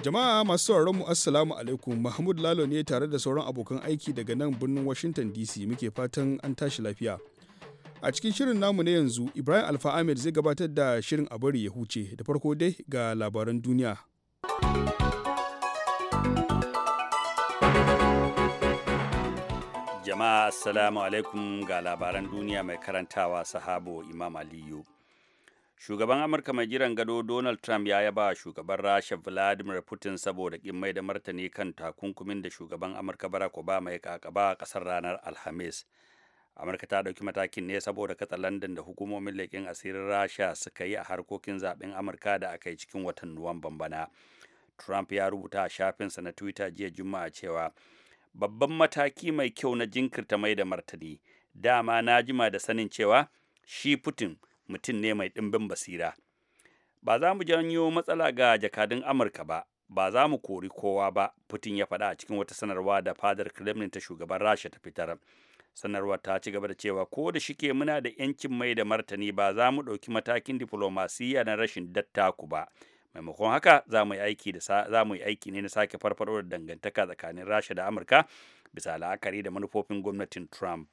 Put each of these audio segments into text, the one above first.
Jama'a masu sauraron mu Assalamu alaikum Mahmud Lalo ne tare da sauran abokan aiki daga nan birnin Washington DC muke fatan an tashi lafiya. A cikin shirin namu na yanzu Ibrahim Alfa Ahmed zai gabatar da shirin a bari ya huce da farko dai ga labaran duniya. Jama'a Assalamu alaikum ga labaran duniya mai karantawa sahabo Imam Aliyu. shugaban amurka mai jiran gado donald trump ya yaba shugaban rasha vladimir putin saboda kin mai da martani kan takunkumin da shugaban amurka barack obama ya kakaba a kasar ranar alhamis amurka ta ɗauki matakin ne saboda katsa katsalandan da hukumomin leƙen asirin rasha suka yi a harkokin zaɓen amurka da aka yi cikin watan nuwamban bana trump ya rubuta a shafinsa na twitter jiya juma'a cewa babban mataki mai kyau na jinkirta mai da martani dama na jima da sanin cewa shi putin mutum ne mai ɗimbin basira ba za mu janyo matsala ga jakadun amurka ba ba za mu kori kowa ba putin ya faɗa a cikin wata sanarwa da fadar kremlin ta shugaban rasha ta fitar sanarwa ta ci gaba da cewa ko da shike muna da yancin mai da martani ba za mu ɗauki matakin diflomasiyya na rashin dattaku ba maimakon haka za mu yi aiki ne na sake farfaɗo da dangantaka tsakanin rasha da amurka bisa la'akari da manufofin gwamnatin trump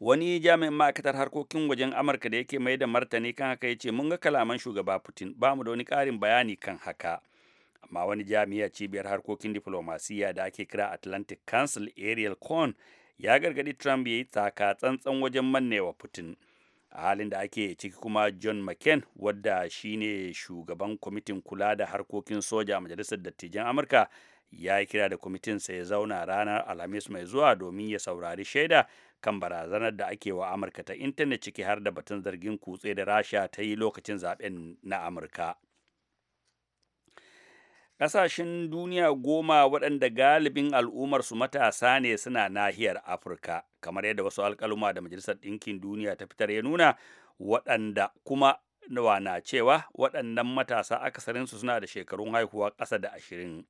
wani jami'in ma'aikatar harkokin wajen amurka da yake mai da martani kan haka ya ce mun ga kalaman shugaba putin ba mu da wani ƙarin bayani kan haka amma wani jami'a cibiyar harkokin diflomasiyya da ake kira atlantic council ariel cohn ya gargadi trump ya yi taka tsantsan wajen mannewa putin a halin da ake ciki kuma john mccain wadda shine shugaban kwamitin kula da harkokin soja a majalisar dattijan amurka ya kira da kwamitin sai ya zauna ranar alhamis mai zuwa domin ya saurari shaida kan barazanar da ake wa amurka ta intanet ciki har da batun zargin kutse da rasha ta yi lokacin zaɓen na amurka ƙasashen duniya goma waɗanda galibin al'ummarsu matasa ne suna nahiyar afirka kamar yadda wasu alƙaluma da majalisar ɗinkin duniya ta fitar ya nuna waɗanda kuma wana cewa waɗannan matasa akasarinsu suna da shekarun haihuwa ƙasa da ashirin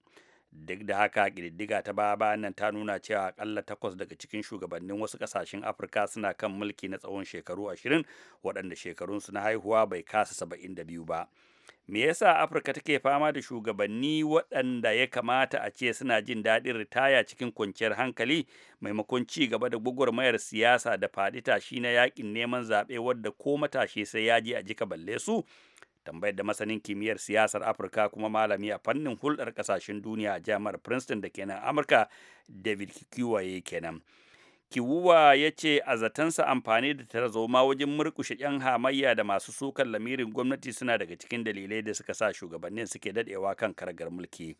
duk da haka ƙididdiga ta baya bayan nan ta nuna cewa akalla takwas daga cikin shugabannin wasu ƙasashen afirka suna kan mulki na tsawon shekaru ashirin waɗanda shekarunsu na haihuwa bai kasa saba'in da biyu ba me yasa afirka take fama da shugabanni waɗanda ya kamata a ce suna jin daɗin ritaya cikin kwanciyar hankali maimakon ci gaba da gwagwarmayar siyasa da faɗi tashi na yaƙin neman zaɓe wadda ko matashi sai ya ji a jika balle su tambayar da masanin kimiyyar siyasar afirka kuma malami a fannin hulɗar ƙasashen duniya a jami'ar princeton da kenan amurka david kiwaye kenan kiwuwa ya ce a zatansa amfani da tarzoma wajen murkushe 'yan hamayya da masu sukan lamirin gwamnati suna daga cikin dalilai da suka sa shugabannin suke dadewa kan karagar mulki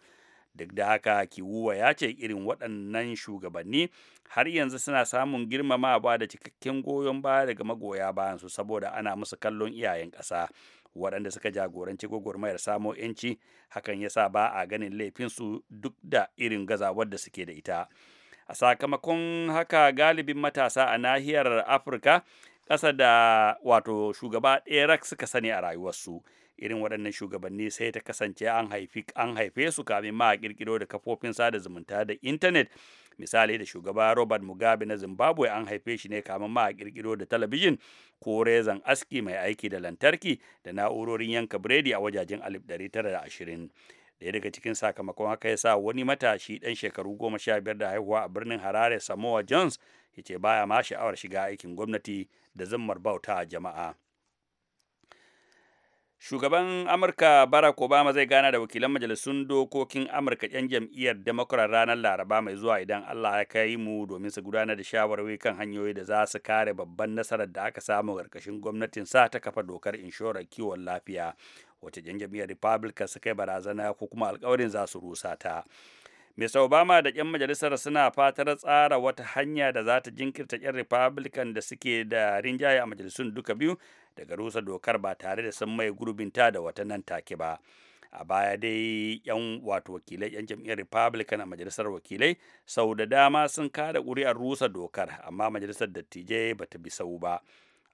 duk da haka kiwuwa ya ce irin waɗannan shugabanni har yanzu suna samun girmama ba da cikakken goyon baya daga magoya bayan su saboda ana musu kallon iyayen ƙasa waɗanda suka jagoranci gwagwarmayar samo 'yanci hakan ya sa ba a ganin laifinsu duk da irin gazawar da suke da ita a sakamakon haka galibin matasa a nahiyar afirka ƙasa da wato shugaba ɗaya suka sani a rayuwarsu irin waɗannan shugabanni sai ta kasance an an haife su kamin ma a ƙirƙiro da kafofin sada zumunta da intanet misali da shugaba robert mugabe na zimbabwe an haife shi ne kamar ma a kirkiro da talabijin ko rezan aski mai aiki da lantarki da na'urorin yanka biredi a wajajen alif 1920 daya daga cikin sakamakon haka ya sa wani matashi dan shekaru goma sha biyar da haihuwa a birnin harare samoa jones ya ce baya ma sha'awar shiga aikin gwamnati da zammar bauta a jama'a Shugaban Amurka Barack Obama zai gana da wakilan majalisun dokokin Amurka 'yan jam'iyyar Democrat ranar Laraba mai zuwa idan Allah ya kai mu domin su gudanar da shawarwari kan hanyoyi da za su kare babban nasarar da aka samu ƙarƙashin gwamnatin sa ta kafa dokar inshorar kiwon lafiya wacce 'yan jam'iyyar Republican su kai barazana ko kuma alkawarin za su rusa ta. Mr. Obama da 'yan majalisar suna fatar tsara wata hanya da za ta jinkirta 'yan Republican da suke da rinjaye a majalisun duka biyu daga rusa dokar ba tare da sun mai gurbinta da wata nan take ba. a baya dai yan wato wakilai yan jam'iyyar republican a majalisar wakilai sau da dama sun kada ƙuri'ar rusa dokar amma majalisar dattijai bata bi sau ba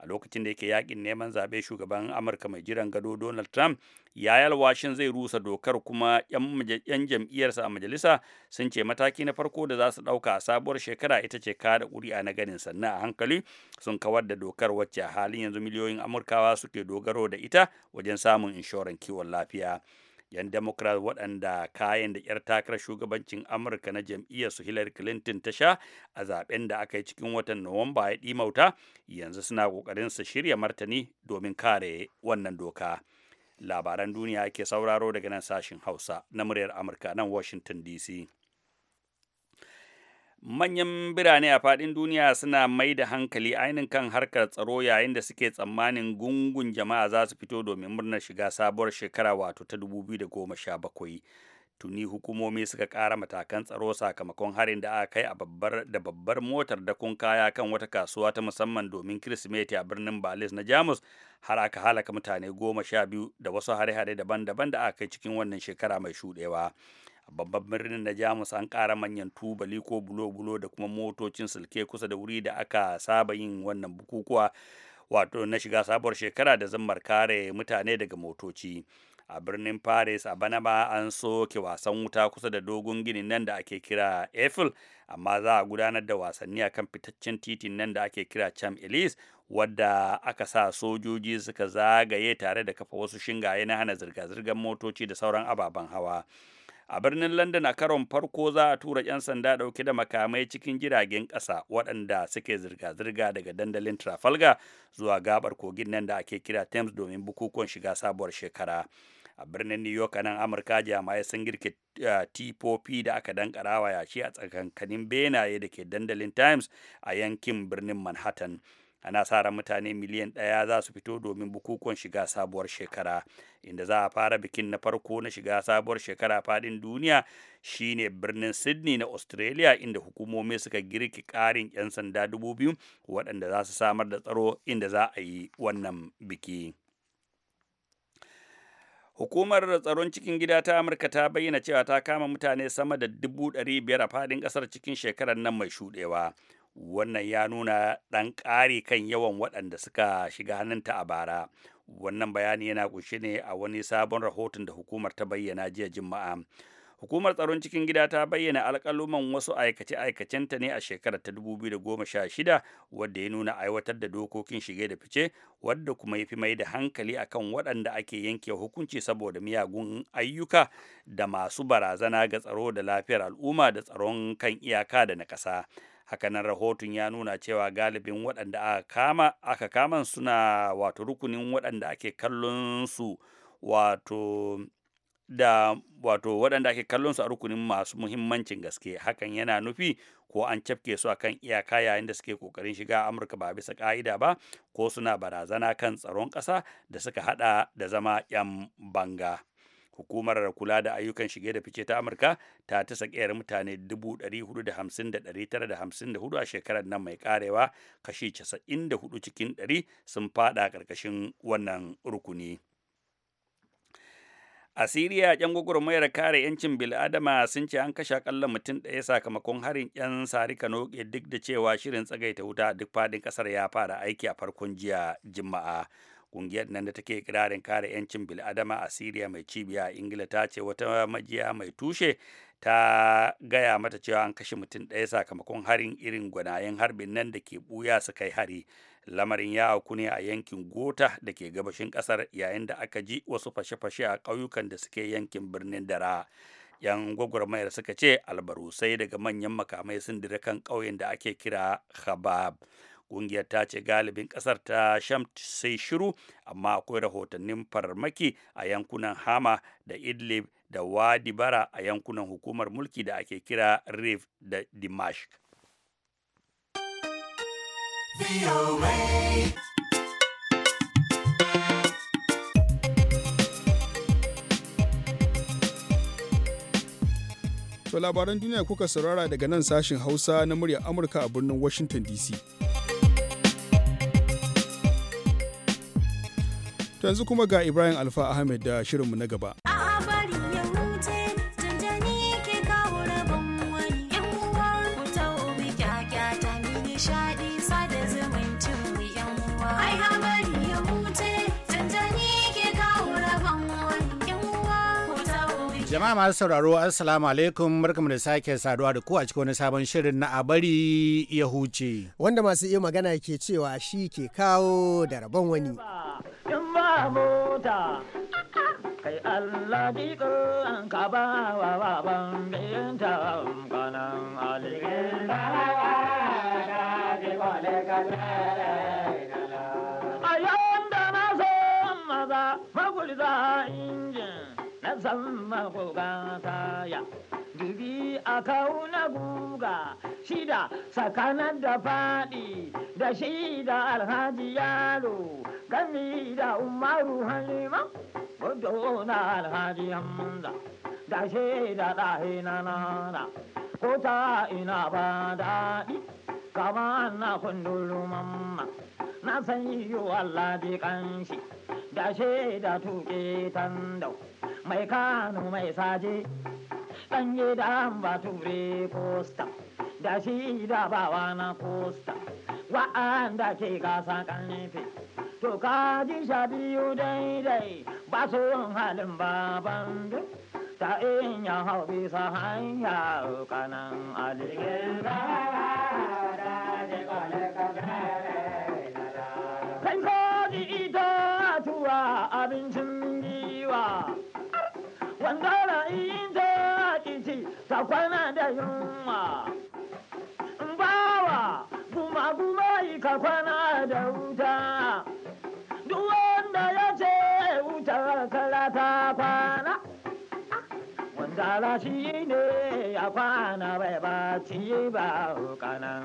a lokacin da yake yakin neman zaɓe shugaban amurka mai jiran gado donald trump ya yi alwashin zai rusa dokar kuma 'yan jam'iyyarsa a majalisa sun ce mataki na farko da za su ɗauka a sabuwar shekara ita ce ka kada ƙuri'a na ganin sannan a hankali sun kawar da dokar wacce a halin yanzu miliyoyin amurkawa suke dogaro da ita wajen samun inshoran kiwon lafiya 'yan democrat waɗanda kayan da 'yar takarar shugabancin amurka na jam'iyyar su hillary clinton ta sha a zaben da aka yi cikin watan nuwamba ya ɗimauta yanzu suna ƙoƙarin su shirya martani domin kare wannan doka labaran duniya ake sauraro daga nan sashin hausa na muryar amurka nan washington dc manyan birane a faɗin duniya suna mai da hankali ainihin kan harkar tsaro yayin da suke tsammanin gungun jama'a za su fito domin murnar shiga sabuwar shekara wato ta 2017 tuni hukumomi suka ƙara matakan tsaro sakamakon harin da aka kai a babbar da babbar motar dakon kaya kan wata kasuwa ta musamman domin kirsimeti a birnin balis na jamus har aka halaka mutane goma sha biyu da wasu hare-hare daban-daban da aka kai cikin wannan shekara mai shuɗewa. babban birnin na jamus an kara manyan tubali ko bulo-bulo da kuma motocin silke kusa da wuri da aka saba yin wannan bukukuwa wato na shiga sabuwar shekara da zammar kare mutane daga motoci a birnin paris a bana ba an soke wasan wuta kusa da dogon ginin nan da ake kira eiffel amma za a gudanar da wasanni a kan fitaccen titin nan da ake kira cham elise wadda aka sa sojoji suka zagaye tare da kafa wasu shingaye na hana zirga-zirgar motoci da sauran ababen hawa a birnin london a karon farko za a tura 'yan sanda dauke da makamai cikin jiragen ƙasa waɗanda suke zirga-zirga daga dandalin trafalgar zuwa gabar kogin nan da ake kira thames domin bukukuwan shiga sabuwar shekara a birnin new york nan amurka jami'ai sun girke eh, tpop da aka dankarawa yashi a tsakankanin benaye da ke dandalin times a yankin birnin manhattan ana sa ran mutane miliyan ɗaya za su fito domin bukukuwan shiga sabuwar shekara inda za a fara bikin na farko na shiga sabuwar shekara fadin duniya shine birnin sydney na australia inda hukumomi suka girki ƙarin 'yan sanda dubu biyu waɗanda za su samar da tsaro inda za a yi wannan biki. Hukumar tsaron cikin gida ta Amurka ta bayyana cewa ta kama mutane sama da dubu ɗari biyar a faɗin ƙasar cikin shekarar nan mai shuɗewa. wannan ya nuna ɗan ƙari kan yawan waɗanda suka shiga hannunta a bara wannan bayani yana kunshe ne a wani sabon rahoton da hukumar ta bayyana jiya juma'a hukumar tsaron cikin gida ta bayyana alƙaluman wasu aikace-aikacenta ne a shekarar ta 2016 wadda ya nuna aiwatar da dokokin shige da fice wadda kuma ya fi mai da hankali akan waɗanda ake yanke hukunci saboda miyagun ayyuka da masu barazana ga tsaro da lafiyar al'umma da tsaron kan iyaka da na ƙasa hakanan rahoton ya nuna cewa galibin waɗanda aka kama aka kama suna wato rukunin waɗanda ake kallon su wato da wato waɗanda ake kallon a rukunin masu muhimmancin gaske hakan yana nufi ko an cafke su akan iyaka yayin da suke kokarin shiga amurka ba bisa ƙa'ida ba ko suna barazana kan tsaron ƙasa da suka hada da zama 'yan banga. hukumar kula da ayyukan shige da fice ta amurka ta ta sakayar mutane 450,954 a shekarar nan mai karewa kashi 94 cikin 100 sun fada karkashin wannan rukuni a siriya yan gwagwarmayar kare yancin bil'adama sun ce an kashe akalla mutum ɗaya sakamakon harin yan sari kano duk da cewa shirin tsagaita wuta duk fadin ƙasar ya fara aiki a farkon jiya juma'a kungiyar nan da take kirarin kare 'yancin bil'adama a siriya mai cibiya a ingila ta ce wata majiya mai tushe ta gaya mata cewa an kashe mutum ɗaya sakamakon harin irin gwanayen harbin nan da ke buya su kai hari lamarin ya auku ne a yankin gota da ke gabashin ƙasar yayin da aka ji wasu fashe-fashe a ƙauyukan da suke yankin birnin dara yan gwagwarmayar suka ce albarusai daga manyan makamai sun dire kan ƙauyen da ake kira khabab ƙungiyar ta ce galibin ƙasar ta sham sai shiru amma akwai rahotannin farmaki a yankunan hama da idlib da wadi bara a yankunan hukumar mulki da ake kira rif da dimash To labaran duniya kuka saurara daga nan sashin Hausa na muryar Amurka a birnin Washington DC. To yanzu kuma ga Ibrahim Alfa Ahmed da shirinmu na gaba. Jama'a masu sauraro Assalamu alaikum barkamu da sake saduwa da ku a cikin wani sabon shirin na abari ya huce. Wanda masu iya magana ke cewa shi ke kawo da rabon wani. ka mota kai Allah bi an ka ba wa wa binta kanan alikin ba wa da kwale kalle a na so maza magulza injin ya zama gogata ya dubi a kauna guga shida tsakanin da faɗi da shida alhaji yaro gami da umaru halima gudu na alhaji hamza da shida ɗahe na nana ko ta ina ba daɗi kama na kundulu mamma na san yi Allah bi kanshi da shida tuke tandau mai kano mai saje dan gida ba ture posta da shi da bawa na kosta wa'anda ke gasa kanfe to kaji ji sha biyu daidai ba su halin baban duk ta in ya hau bisa hanya kanan aligin ba da ji kwale kankara in ta kici ta kwana da yunwa bawa kuma kuma yi ka kwana da wuta duk wanda ya ce wuta kala ta kwana shi ne ya kwana bai ba ci ba kanan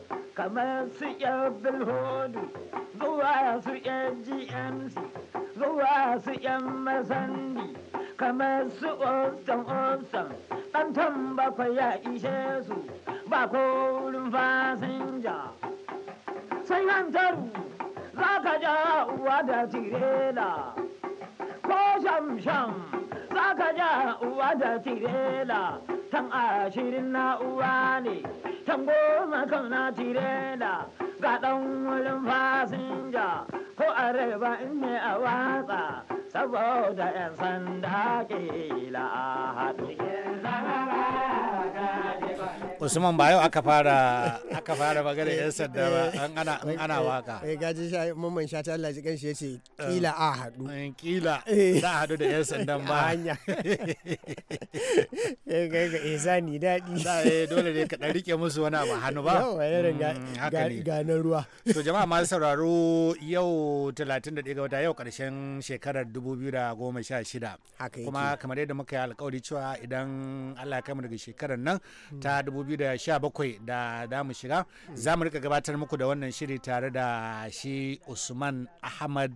kamar su yan bilhodu zuwa su yan gmc zuwa su yan masandi kamar su osan ostan ɗantan bakwai ya ishe su ba ko wurin fasinja sai hantaru za ka ja uwa da tirela ko sham-sham aka ja uwa da tirela tan ashirin na uwa ne tan goma kan na tirela ga ɗan wurin fasinja ko a areba in ne a watsa saboda 'yan sanda kila a haɗu. usman ba yau aka fara aka fara magana yan sanda ba eh, an ana an ana waka eh gaji eh, sha mamman sha ta Allah ji kanshi yace eh. kila a hadu kila za a hadu da yan sandan ba hanya eh ga ga izani dadi da eh dole ne ka dan rike musu wani abu hannu ba mm, mm, haka ne ganar ruwa to jama'a masu sauraro yau 31 ga wata yau karshen shekarar 2016 kuma kamar yadda muka yi alkawari cewa idan Allah ya kama daga shekarar nan hmm. ta ta 2017 da za mu shiga za mu rika gabatar muku da wannan shiri tare da shi usman ahmad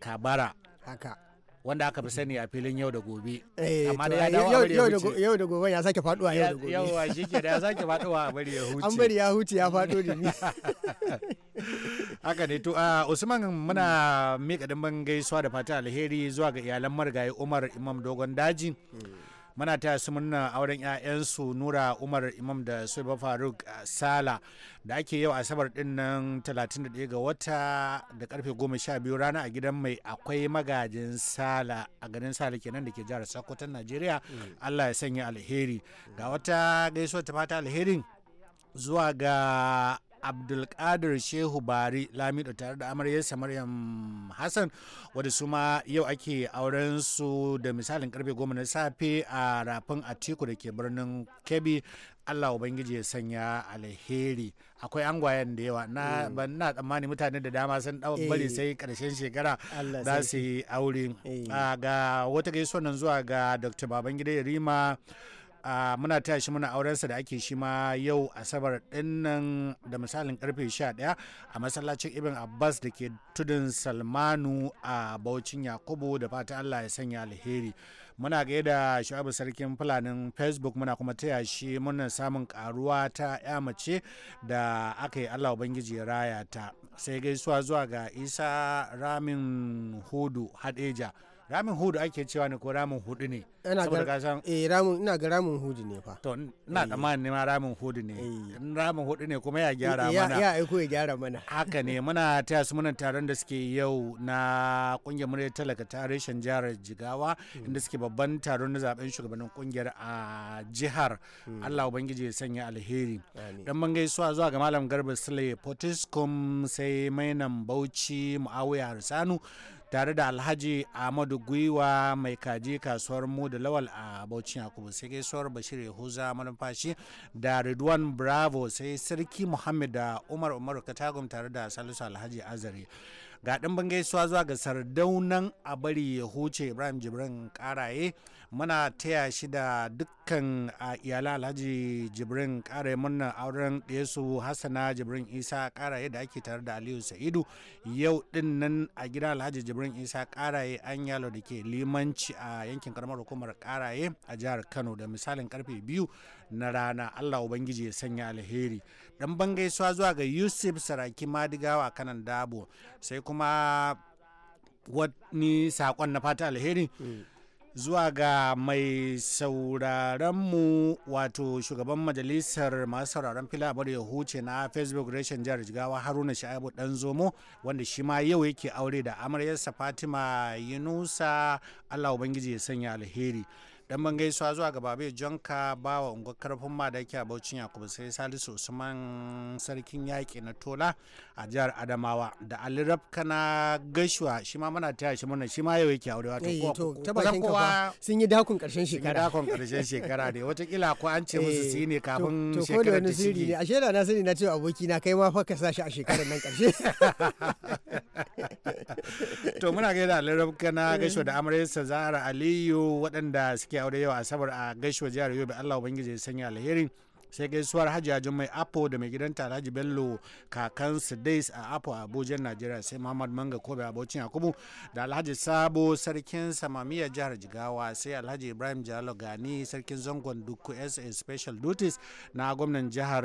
kabara haka wanda aka fi sani a filin yau da gobe. Eh, Amma da ya dawo Yau da gobe ya sake faduwa yau da gobe. Yauwa shi ke da ya sake faduwa a bari ya huce. An bari ya huce ya fado da ni. Haka ne to Usman muna miƙa dimbin gaisuwa da fata alheri zuwa ga iyalan marigayi Umar Imam Dogon Daji. Mm. muna taya su muna auren 'ya'yansu nura umar imam da suba faruk sala da ake yau asabar din nan 31 ga wata da karfe 12 rana a gidan mai akwai magajin sala a garin sala kenan da ke jihar sokoton nigeria mm. allah ya sanya alheri ga wata gaisuwa ta fata alherin zuwa ga abdulkadir shehu bari lamido tare da amaryarsa maryam hassan wadda su ma yau ake auren su da misalin karfe goma na safe a rafin atiku da ke birnin kebbi allah ubangiji ya sanya alheri akwai angwayen da yawa na mm. ban na tsammani mutane da dama sun dawo eh. bari sai karshen shekara za su yi aure eh. ah, ga wata gaisuwa nan zuwa ga dr babangida rima a muna tashi shi muna aurensa da ake shi ma yau asabar dinnan da misalin karfe 11 a masallacin ibn abbas da ke tudun salmanu a baucin yakubu da fata allah ya sanya alheri muna gaida da shu'abu sarkin fulanin facebook muna kuma taya shi muna samun karuwa ta ya mace da aka yi allah ubangiji raya ta sai gaisuwa zuwa ga isa ramin hudu hadeja ramin hudu ake cewa ne ko ramin hudu ne saboda eh, ina ga ramin hudu ne fa to ina tsammanin ma ramin hudu ne eh. ramin hudu ne kuma ya gyara mana ya aiko ya gyara mana haka ne muna taya su muna taron da suke yau na kungiyar murya talaka ta reshen jihar Jigawa inda suke babban taron na zaben shugabannin kungiyar a jihar hmm. Allah ubangiji ya sanya alheri dan ban gaisuwa zuwa ga malam Garba Sule Potiskum sai Mainan Bauchi Muawiya Harsanu tare da alhaji ahmadu gwiwa mai kaji kasuwar mu da lawal a bauchi yakubu sai gaisuwar bashir yahuza manufashi da ridwan bravo sai sarki muhammad da umar umar katagum tare da salisu alhaji azare ga bangaisuwa gaisuwa zuwa ga sardaunan a bari ya huce ibrahim jibrin karaye muna taya shi da dukkan iyalan alhaji jibrin kare murnar auren ɗayasu hassana jibrin isa ƙaraye da ake tare da aliyu sa'idu yau din nan a gidan alhaji jibrin isa karaye an yalo da ke limanci a yankin karamar hukumar ƙaraye a jihar kano da misalin karfe biyu na rana allah ubangiji ya sanya alheri dan bangaisuwa zuwa ga yusuf saraki madigawa kanan dabo sai kuma wani sakon na fata alheri mm. zuwa ga mai mu wato shugaban majalisar masu sauraron fila a ya huce na facebook reshen jihar jigawa haruna sha'ibu dan zomo wanda shi ma yau yake aure da amaryarsa fatima yunusa allah ubangiji ya sanya alheri dan ban gaisuwa zuwa ga babe jonka bawa unguwar karfin ma da yake a baucin yakubu sai salisu usman sarkin yaƙi na tola a jihar adamawa da ali na gaisuwa shi ma muna taya shi muna shi ma yau yake aure wato eh, kowa sun yi dakon karshen shekara dakon karshen shekara ne watakila ko an ce musu su yi ne eh, kafin shekarar ta shige ashe da na sani na ce aboki na kai ma fa ka sashi a shekarar nan karshe to muna gaida ali na eh. gaisuwa da amaryarsa zahara aliyu waɗanda suke aure yau asabar a gaishewa jihar yobe allah ubangiji ya sanya alheri sai gaisuwar hajjajin mai apo da mai alhaji bello kakan dais a apo a abuja najeriya sai muhammad manga kobe abocin yakubu da alhaji sabo sarkin samamiya jihar jigawa sai alhaji ibrahim jalo gani sarkin zangon duku sa special duties na gwamnan jihar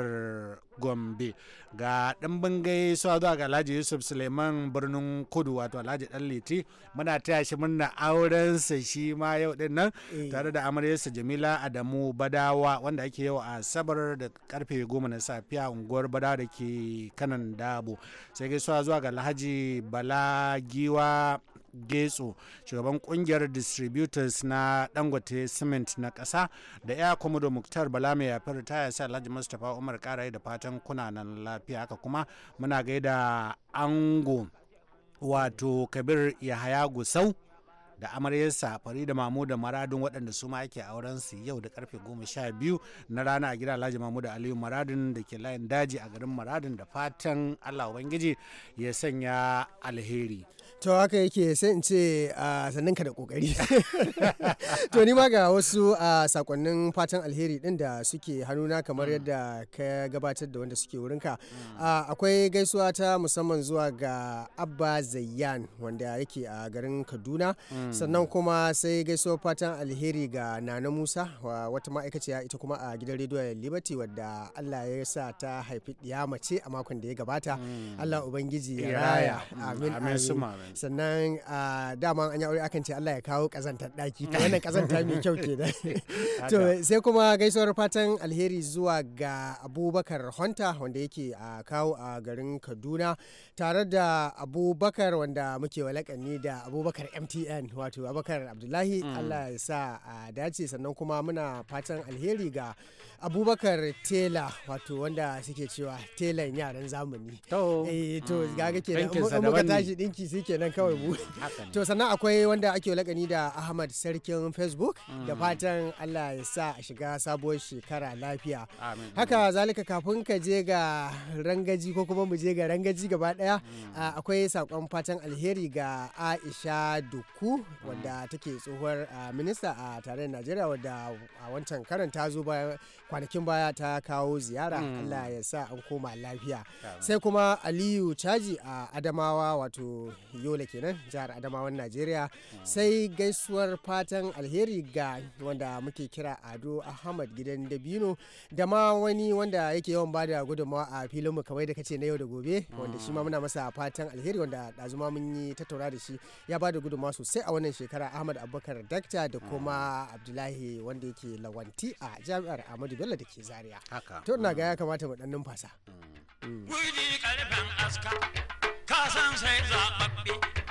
gombe ga ɗimbin gaisuwa zuwa ga alhaji yusuf suleiman birnin kudu wato alhaji dan liti muna taya shi murna aurensa shi ma yau din nan eh. tare da amaryarsa jamila adamu badawa wanda ake yau a sabar unguwar da karfe goma na safiya unguwar bada da ke kanan dabo sai gaisuwa zuwa ga alhaji bala giwa getso shugaban kungiyar distributors na dangote cement na kasa da ya komodo muktar bala mai yafi ritaya sai alhaji mustapha umar karaye da fatan kunanan lafiya haka kuma muna gaida ango wato kabir yahaya gusau da amaryarsa Farida Mamu da Maradun waɗanda su ma yake auren su yau da karfe biyu na rana a gida Alhaji Mamu da Aliyu Maradun da ke layin daji a garin Maradun da fatan Allah Ubangiji ya sanya alheri. to haka yake sai in ce ah, sannan ka da kokari to ni ma ga wasu a ah, sakonnin fatan alheri din da suke hannuna kamar mm. yadda ka gabatar da wanda suke wurinka mm. ah, akwai gaisuwa ta musamman zuwa ga abba zayyan wanda yake a garin kaduna mm. sannan kuma sai gaisuwa fatan alheri ga nana musa wata ma'aikaciya ita kuma a gidan rediyo liberty wadda allah ya sa ta haifi ɗiya mace a makon da ya gabata allah ubangiji ya raya amin amin sannan ah, dama an yi aure akan ce Allah ya kawo kazantar daki ta wannan kazanta mai kyau ke da to sai kuma gaisuwar fatan alheri zuwa ga Abubakar Honta wanda yake a ah, kawo a garin Kaduna tare da Abubakar wanda muke walakani da Abubakar MTN wato Abubakar Abdullahi mm. Allah ya sa a dace sannan kuma muna fatan alheri ga abubakar tela wato wanda suke cewa telan yaran zamani to ga eh, to mm. gaga muka tashi dinki sai kenan kawai bu mm, to sannan akwai wanda ake lakani da ahmad sarkin facebook mm. da fatan allah ya sa a shiga sabuwar shekara lafiya haka zalika kafin ka je ga rangaji ko kuma mu je ga rangaji gaba daya mm. akwai sakon fatan alheri ga aisha duku wanda take tsohuwar minista a tarayyar najeriya wadda a wancan karan ta zo kwanakin baya ta kawo ziyara allah ya sa an koma lafiya sai kuma aliyu caji a adamawa wato yola kenan jihar adamawan najeriya ah. sai gaisuwar fatan alheri ga wanda muke kira ado ahmad gidan dabino da ma wani wanda yake yawan bada da gudunmawa a filinmu kamar da kace na yau da gobe wanda shi ma muna masa fatan alheri wanda ɗazuma mun yi tattaura da shi ya bada da gudunmawa sosai a wannan shekara ahmad abubakar dakta da kuma ah. abdullahi wanda yake lawanti a jami'ar ahmadu bello da ke zaria to ina ga ya mm. kamata mu dan numfasa. Mm. Mm. संशय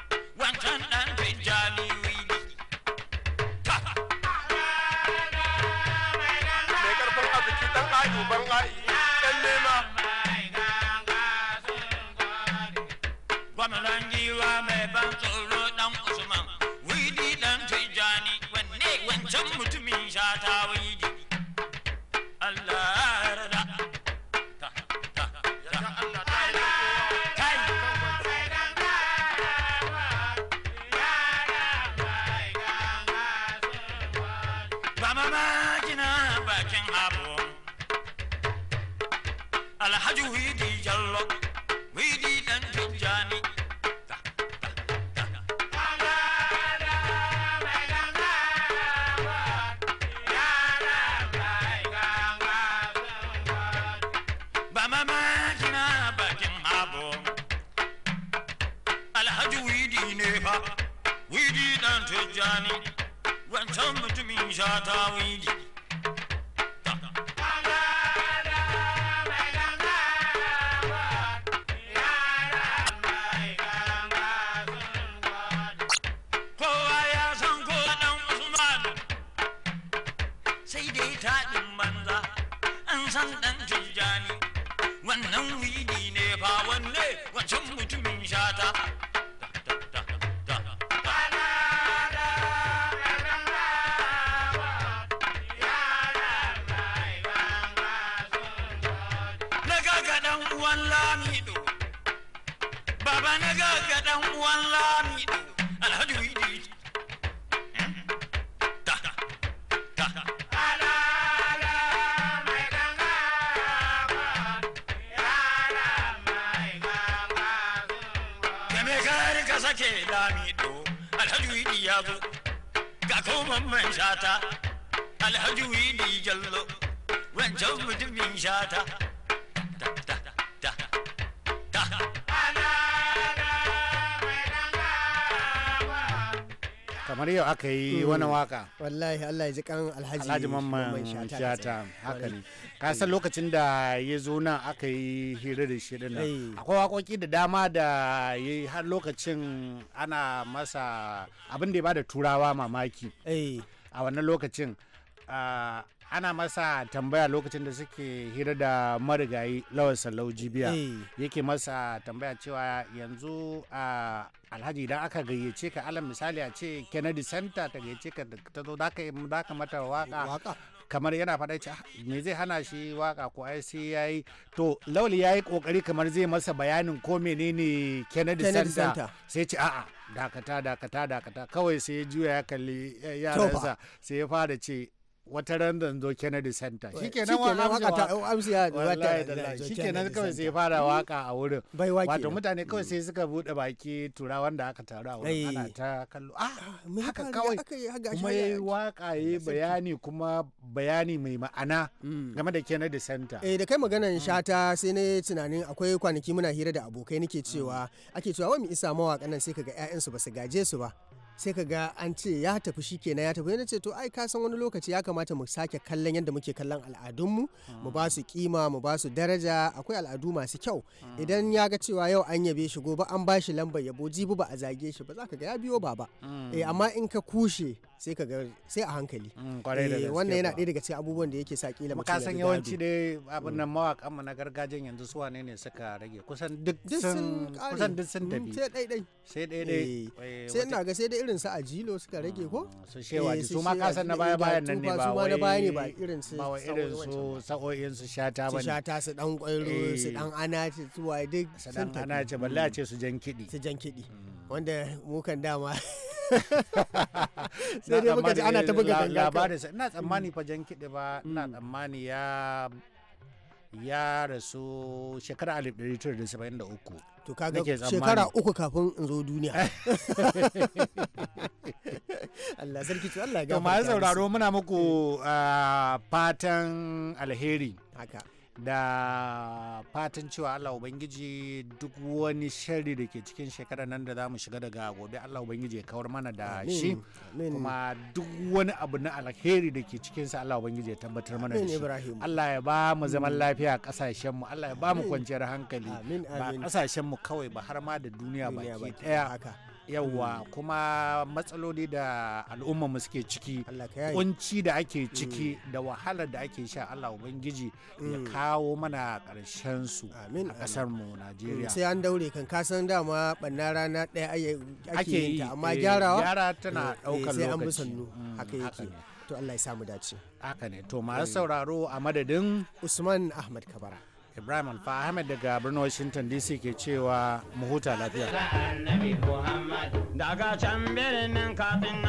mamajina bakin abu alhaji widi ne fa widi dan tujjani wancan mutumin shata widi lamido alhaji widi ya zo ga koman man shata alhaji widi jallo wancan mutumin shata kamar yau aka yi mm. wani waka wallahi Allah ya ji kan alhaji alhaji mamman shata haka ne ka lokacin da ya zo nan aka yi hira da shi din akwai wakoki da dama da ya har lokacin ana masa abin da ya bada turawa mamaki a wannan lokacin ah, ana masa tambaya lokacin da suke hira da marigayi lawan sallau jibiya eh. yake masa tambaya cewa yanzu a alhaji idan aka gayyace ka alam misali a ce kennedy center ta gayyace ka ta zo da ka mata waka kamar yana faɗa ce ah, me zai hana shi waka ko ai sai yayi to lauli yayi kokari kamar zai masa bayanin ko menene Kennedy Center sai ce a'a dakata dakata dakata kawai sai ya juya ya kalli eh, yaransa sai ya fara ce wata ran zo Kennedy Center wani waka ta amsi ya ke nan kawai sai fara waka a wurin wato mutane kawai mm. sai suka bude baki tura wanda aka taru a wurin ana ta kallo ah, ah haka kawai Mai waka yi bayani kuma bayani mai ma'ana mm. game da Kennedy Center eh da kai maganan mm. shata sai ne tunanin akwai kwanaki muna hira da abokai nake cewa ake cewa wani isa mawaka nan sai kaga ƴaƴansu ba su gaje su ba sai ka ga an ce ya tafi shi kenan ya tafi na ce to ai kasan wani lokaci ya kamata mu sake kallon yadda muke kallon al'adunmu mu ba su kima mu ba su daraja akwai al'adu masu kyau idan ya ga cewa yau an yabe shi gobe an ba shi lambar yabo jibi ba a zage shi ba za ka ga ya biyo baba mm. eh amma in ka kushe sai ka ga sai a hankali mm, eh, wannan yana ɗaya daga cikin abubuwan da yake sa kila mutum san yawanci dai abin nan mm. mawakan mu na gargajiyan yanzu su wane ne suka rage kusan duk sun kusan duk sun mm, tafi sai dai dai sai dai dai eh, sai ina ga sai dai irin su ajilo suka rage ko su shewa eh, su ma ka san na baya bayan nan ne ba wai na baya ne ba irin su ba wai irin su sa'o'in su shata bane su shata su dan kwairo su dan anaci su waye duk sun tafi anaci balla ce su jan kidi su jan kidi wanda mu kan dama sai dai muka ji ana ta buga ganga labarin sa ina tsammani mm. fa jan kiɗi ba ina mm. tsammani ya ya rasu shekara 1973 to kaga shekara uku kafin in zo duniya Allah sarki to Allah ya gafarta to ma sauraro muna muku ah, fatan alheri haka da fatan cewa Allah Ubangiji duk wani shari da ke cikin shekarar nan da za mu shiga daga gobe Allah Ubangiji ya kawar mana da shi kuma duk wani abu na alheri da ke cikin sa Allah Ubangiji ya tabbatar mana da shi Allah ya ba mu zaman lafiya a kasashenmu Allah ya ba mu kwanciyar hankali ba kasashen kawai ba har ma da duniya baki daya yawa kuma matsaloli da al'umma mu suke ciki kunci da ake mm. ciki da wahalar da ake sha Allah ubangiji ya mm. kawo mana karshen su a kasar mu Najeriya mm, sai an daure kan kasan dama banna rana ɗaya ake yi amma eh, gyarawa gyara tana daukar eh, eh, lokaci sai an bi nu haka yake to Allah ya samu dace haka ne to masu sauraro a madadin Usman Ahmad Kabara ibrahim alfa ahmed daga birnin washington dc ke cewa mu huta lafiya da can birnin kafin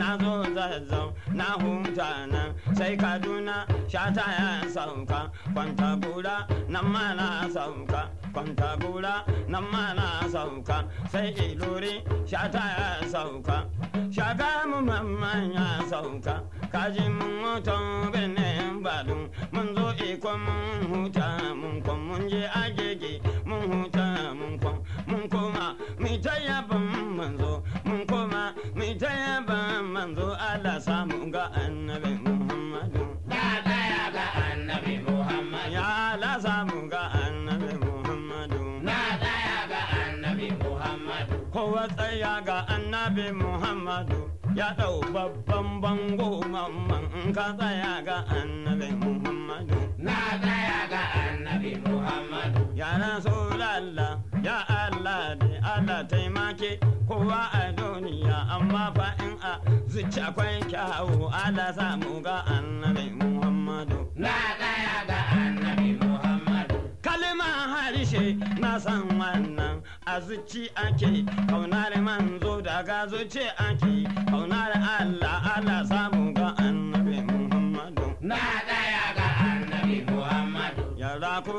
na zo zazzau na huta nan sai kaduna shata ya sauka kwanta gura nan ma na sauka kwanta nan ma na sauka sai ilori shata ya sauka shaka mu mamman ya sauka kaji mun mutum birnin badun mun zo ikon mun huta mun kwan mun je agege mun huta mun Allah samu ga annabi Muhammadu. Da tsaya ga annabi Muhammadu. Ya Allah samu ga annabi Muhammadu. Na tsaya ga annabi Muhammadu. Kowa tsaya ga annabi Muhammadu. Ya ɗau babban bango mamman ka tsaya ga annabi Muhammadu. Na ya ga annabi Muhammadu. Ya Rasulallah, ya Allah da taimake kowa a duniya amma fa in a zuci akwai kyawu Ala samu ga annabi Muhammadu. Na daya ga annabi Muhammadu. Kalima harshe na san wannan a zuci ake kaunar manzo daga zuci ake kaunar Allah Ala samu ga annabi Muhammadu. Na daya ga annabi Muhammadu. ya ku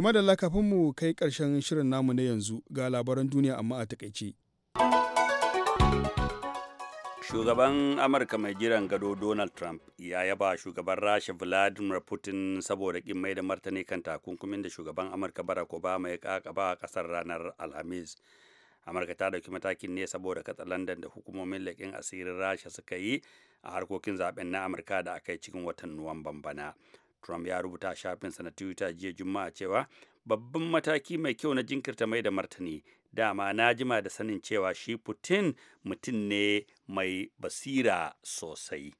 To da kafin mu kai karshen shirin namu na yanzu ga labaran duniya amma a takaice. Shugaban Amurka mai jiran gado Donald Trump ya yaba shugaban Rasha Vladimir Putin saboda kin mai da martani kan takunkumin da shugaban Amurka Barack Obama ya kakaba a kasar ranar Alhamis. Amurka ta dauki matakin ne saboda katsalandan da hukumomin laƙin asirin Rasha suka yi a harkokin zaben na Amurka da aka yi cikin watan Nuwamban bana. Trump ya rubuta a shafinsa na Twitter jiya Juma'a cewa babban mataki mai kyau na jinkirta mai da martani dama na jima da sanin cewa shi Putin mutum ne mai basira sosai.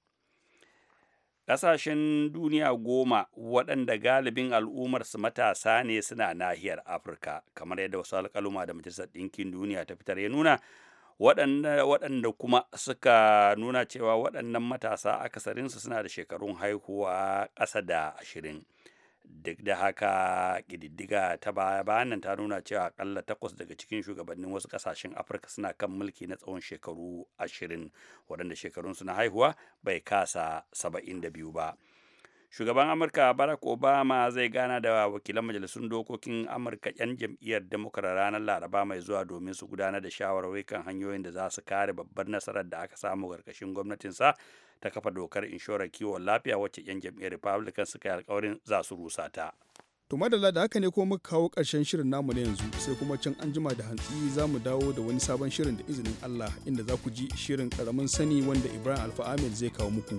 Ƙasashen duniya goma waɗanda galibin al'ummarsu matasa ne suna nahiyar Afirka, kamar yadda wasu alƙaluma da Majalisar Ɗinkin Duniya ta fitar ya nuna waɗanda kuma suka nuna cewa waɗannan matasa akasarinsu suna da shekarun haihuwa ƙasa da ashirin duk da haka ƙididdiga ta baya bayanan ta nuna cewa aƙalla takwas daga cikin shugabannin wasu ƙasashen afirka suna kan mulki na tsawon shekaru ashirin waɗanda shekarun suna haihuwa bai kasa saba'in da biyu ba shugaban amurka barack obama zai gana da wakilan majalisun dokokin amurka 'yan jam'iyyar demokara ranar laraba mai zuwa domin su gudanar da shawarwari kan hanyoyin da za su kare babbar nasarar da aka samu karkashin gwamnatinsa ta kafa dokar inshorar kiwon lafiya wacce 'yan jam'iyyar republican suka yi alkawarin za su rusa ta to madalla da haka ne ko muka kawo karshen shirin namu na yanzu sai kuma can an jima da hantsi za mu dawo da wani sabon shirin da izinin allah inda za ku ji shirin karamin sani wanda ibrahim alfa zai kawo muku